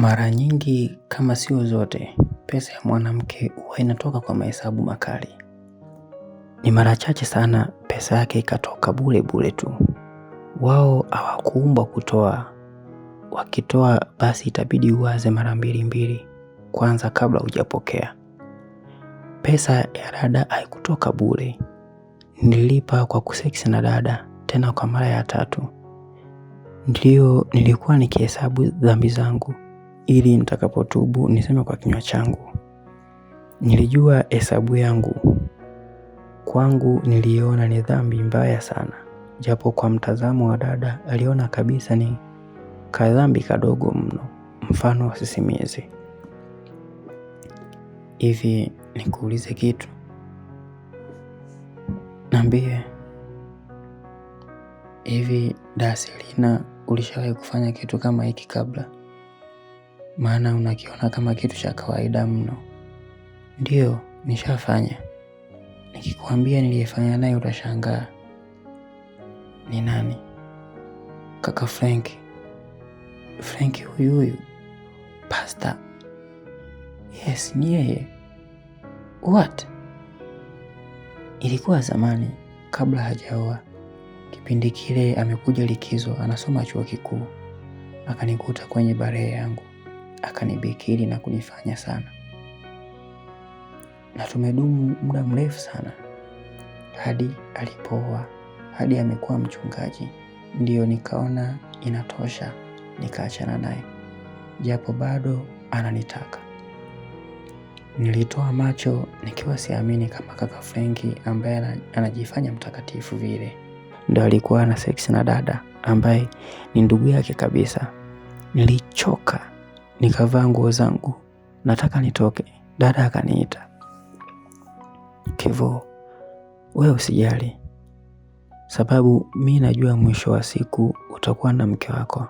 Mara nyingi kama sio zote, pesa ya mwanamke huwa inatoka kwa mahesabu makali. Ni mara chache sana pesa yake ikatoka bure bure tu. Wao hawakuumbwa kutoa. Wakitoa basi itabidi uwaze mara mbili mbili kwanza kabla hujapokea. Pesa ya dada haikutoka bure. Nililipa kwa kuseksi na dada tena kwa mara ya tatu. ndio nilikuwa nikihesabu dhambi zangu ili nitakapotubu niseme kwa kinywa changu, nilijua hesabu yangu, kwangu niliona ni dhambi mbaya sana, japo kwa mtazamo wa dada aliona kabisa ni kadhambi kadogo mno, mfano wa sisimizi. Hivi nikuulize kitu, nambie hivi Dasilina, ulishawahi kufanya kitu kama hiki kabla? maana unakiona kama kitu cha kawaida mno. Ndiyo, nishafanya. Nikikwambia niliyefanya naye utashangaa. Ni nani? Kaka Frank. Frank huyu huyu pasta? Yes, ni yeye. What? Ilikuwa zamani kabla hajaoa. Kipindi kile amekuja likizo, anasoma chuo kikuu, akanikuta kwenye barehe yangu akanibikili na kunifanya sana, na tumedumu muda mrefu sana hadi alipooa, hadi amekuwa mchungaji. Ndiyo nikaona inatosha, nikaachana naye, japo bado ananitaka. Nilitoa macho nikiwa siamini kama kaka Frenki ambaye anajifanya mtakatifu vile ndo alikuwa na seksi na dada ambaye ni ndugu yake kabisa. Nilichoka Nikavaa nguo zangu, nataka nitoke, dada akaniita, Kevo, wewe usijali, sababu mi najua mwisho wa siku utakuwa na mke wako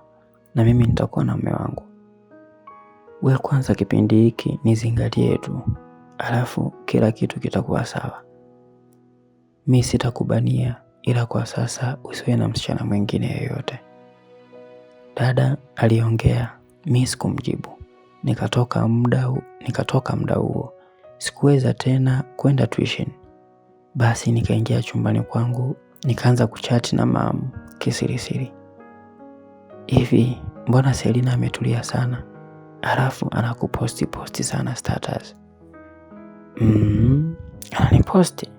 na mimi nitakuwa na mume wangu. We kwanza kipindi hiki nizingatie tu, alafu kila kitu kitakuwa sawa. Mi sitakubania, ila kwa sasa usiwe na msichana mwingine yoyote. Dada aliongea Mi sikumjibu. Nikatoka muda nikatoka muda huo. Sikuweza tena kwenda tuition. Basi nikaingia chumbani kwangu, nikaanza kuchati na mum kisirisiri. Hivi, mbona Selina ametulia sana? Halafu anakuposti posti sana status. Mm, ananiposti?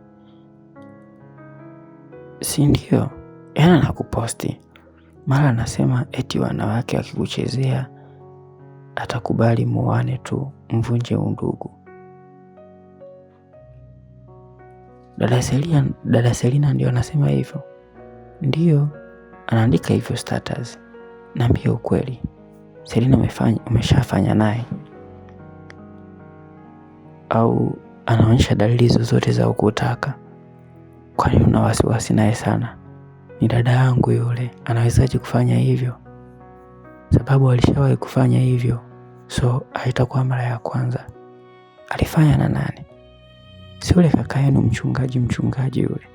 Si ndio? Yaani anakuposti. Mara anasema eti wanawake wakikuchezea atakubali muwane tu, mvunje undugu. Dada Selina, dada Selina ndio anasema hivyo, ndiyo anaandika hivyo status. Naambia ukweli, Selina umeshafanya naye au anaonyesha dalili zozote za ukutaka? Kwani una wasiwasi naye sana? Ni dada yangu yule, anawezaje kufanya hivyo? sababu alishawahi kufanya hivyo, so haitakuwa mara ya kwanza. Alifanya na nani? Si yule kaka yenu mchungaji? Mchungaji yule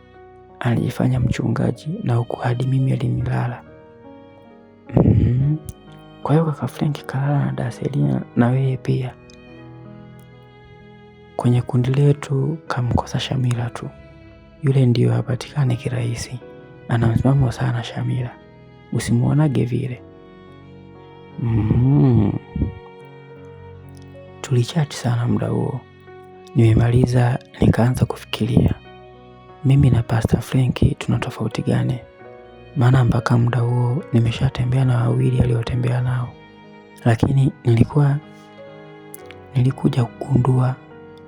alijifanya mchungaji na huku hadi mimi alinilala. mm -hmm. Kwa hiyo kaka Frank kalala na Daselina na wewe pia. Kwenye kundi letu kamkosa shamira tu, yule ndiyo hapatikane kirahisi, ana msimamo sana Shamira, usimwonage vile Mm-hmm. Tulichati sana muda huo. Nimemaliza nikaanza kufikiria mimi na Pastor Frenki tuna tofauti gani? Maana mpaka muda huo nimeshatembea na wawili aliotembea nao, lakini nilikuwa nilikuja kugundua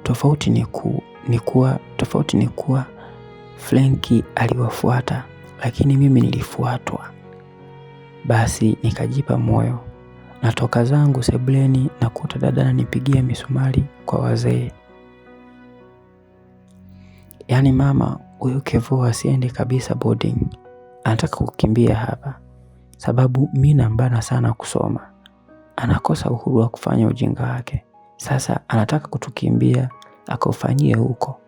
tofauti ni ku, ni kuwa tofauti ni kuwa Frenki aliwafuata, lakini mimi nilifuatwa. Basi nikajipa moyo Natoka zangu sebuleni nakuta dada ananipigia misumari kwa wazee. Yaani mama huyu Kevoo asiendi kabisa boarding. Anataka kukimbia hapa. Sababu mi nambana sana kusoma. Anakosa uhuru wa kufanya ujinga wake. Sasa anataka kutukimbia akaufanyie huko.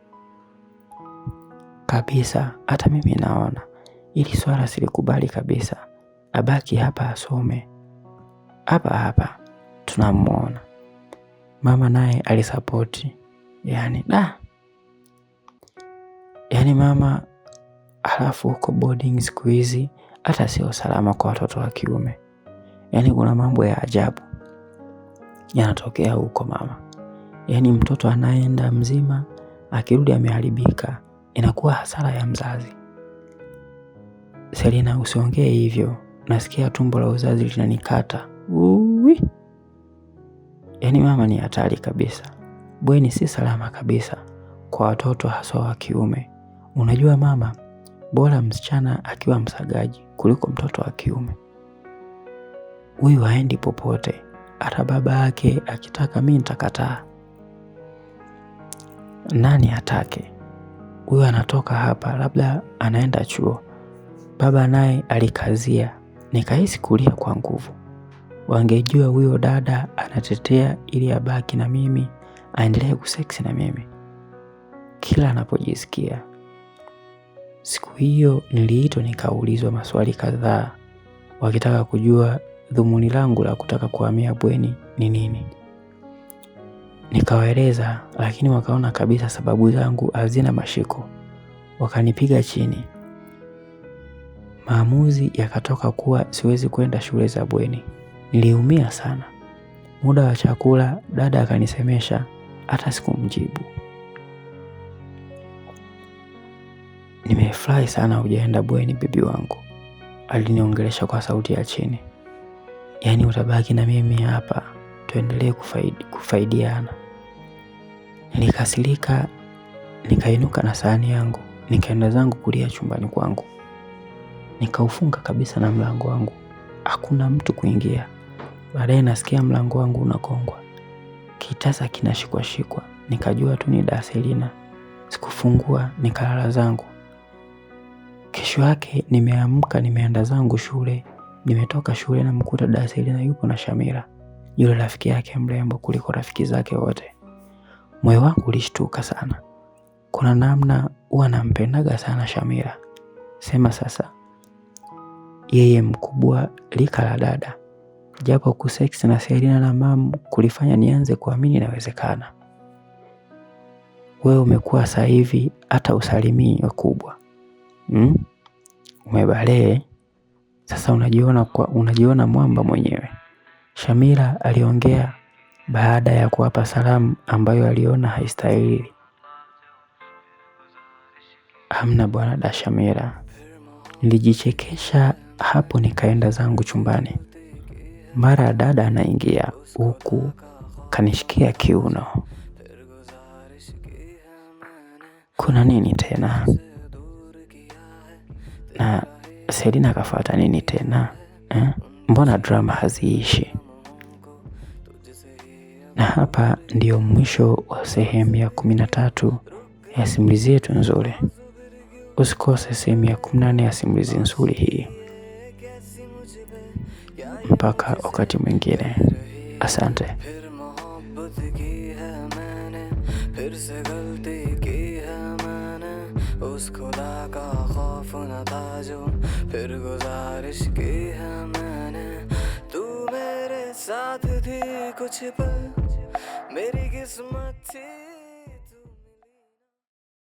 Kabisa hata mimi naona. ili swala silikubali kabisa. Abaki hapa asome hapa hapa tunamwona mama naye alisapoti, yani da, yani mama. Alafu huko boarding siku hizi hata sio salama kwa watoto wa kiume, yani kuna mambo ya ajabu yanatokea huko mama, yani mtoto anaenda mzima, akirudi ameharibika, inakuwa hasara ya mzazi. Selina, usiongee hivyo, nasikia tumbo la uzazi linanikata. Uwi. Yani mama ni hatari kabisa. Bweni si salama kabisa kwa watoto haswa wa kiume. Unajua mama, bora msichana akiwa msagaji kuliko mtoto wa kiume. Huyu haendi popote. Hata baba yake akitaka mimi nitakataa. Nani atake? Huyu anatoka hapa labda anaenda chuo. Baba naye alikazia. Nikahisi kulia kwa nguvu wangejua huyo dada anatetea ili abaki na mimi, aendelee kuseksi na mimi kila anapojisikia. Siku hiyo niliitwa nikaulizwa maswali kadhaa, wakitaka kujua dhumuni langu la kutaka kuhamia bweni ni nini. Nikawaeleza, lakini wakaona kabisa sababu zangu hazina mashiko, wakanipiga chini. Maamuzi yakatoka kuwa siwezi kwenda shule za bweni. Niliumia sana. Muda wa chakula dada akanisemesha, hata sikumjibu. Nimefurahi sana hujaenda bweni bibi wangu, aliniongelesha kwa sauti ya chini. Yaani utabaki na mimi hapa tuendelee kufaidi, kufaidiana. Nilikasirika, nikainuka na sahani yangu, nikaenda zangu kulia chumbani kwangu. Nikaufunga kabisa na mlango wangu, hakuna mtu kuingia. Baadaye nasikia mlango wangu unakongwa, kitasa kinashikwashikwa, nikajua tu ni Daselina. Sikufungua, nikalala zangu. Kesho yake nimeamka, nimeenda zangu shule. Nimetoka shule na mkuta Daselina yupo na Shamira, yule rafiki yake mrembo kuliko rafiki zake wote. Moyo wangu ulishtuka sana. Kuna namna huwa nampendaga sana Shamira, sema sasa, yeye mkubwa lika la dada Japo kuseksi na Selina na mamu kulifanya nianze kuamini inawezekana. Wewe umekuwa sasa hivi hata usalimii wakubwa mm? Umebalee sasa, unajiona kwa, unajiona mwamba mwenyewe. Shamira aliongea baada ya kuwapa salamu ambayo aliona haistahili. Hamna bwana da Shamira, nilijichekesha hapo nikaenda zangu chumbani. Mara dada anaingia huku kanishikia kiuno. Kuna nini tena? Na Selina akafuata nini tena eh? Mbona drama haziishi? Na hapa ndiyo mwisho wa sehemu ya kumi na tatu ya simulizi yetu nzuri. Usikose sehemu ya kumi na nne ya simulizi nzuri hii. mpaka wakati mwingine. Asante. फिर उस खुदा का खौफ न जो फिर गुजारिश की है मैंने तू मेरे साथ थी कुछ पल मेरी किस्मत थी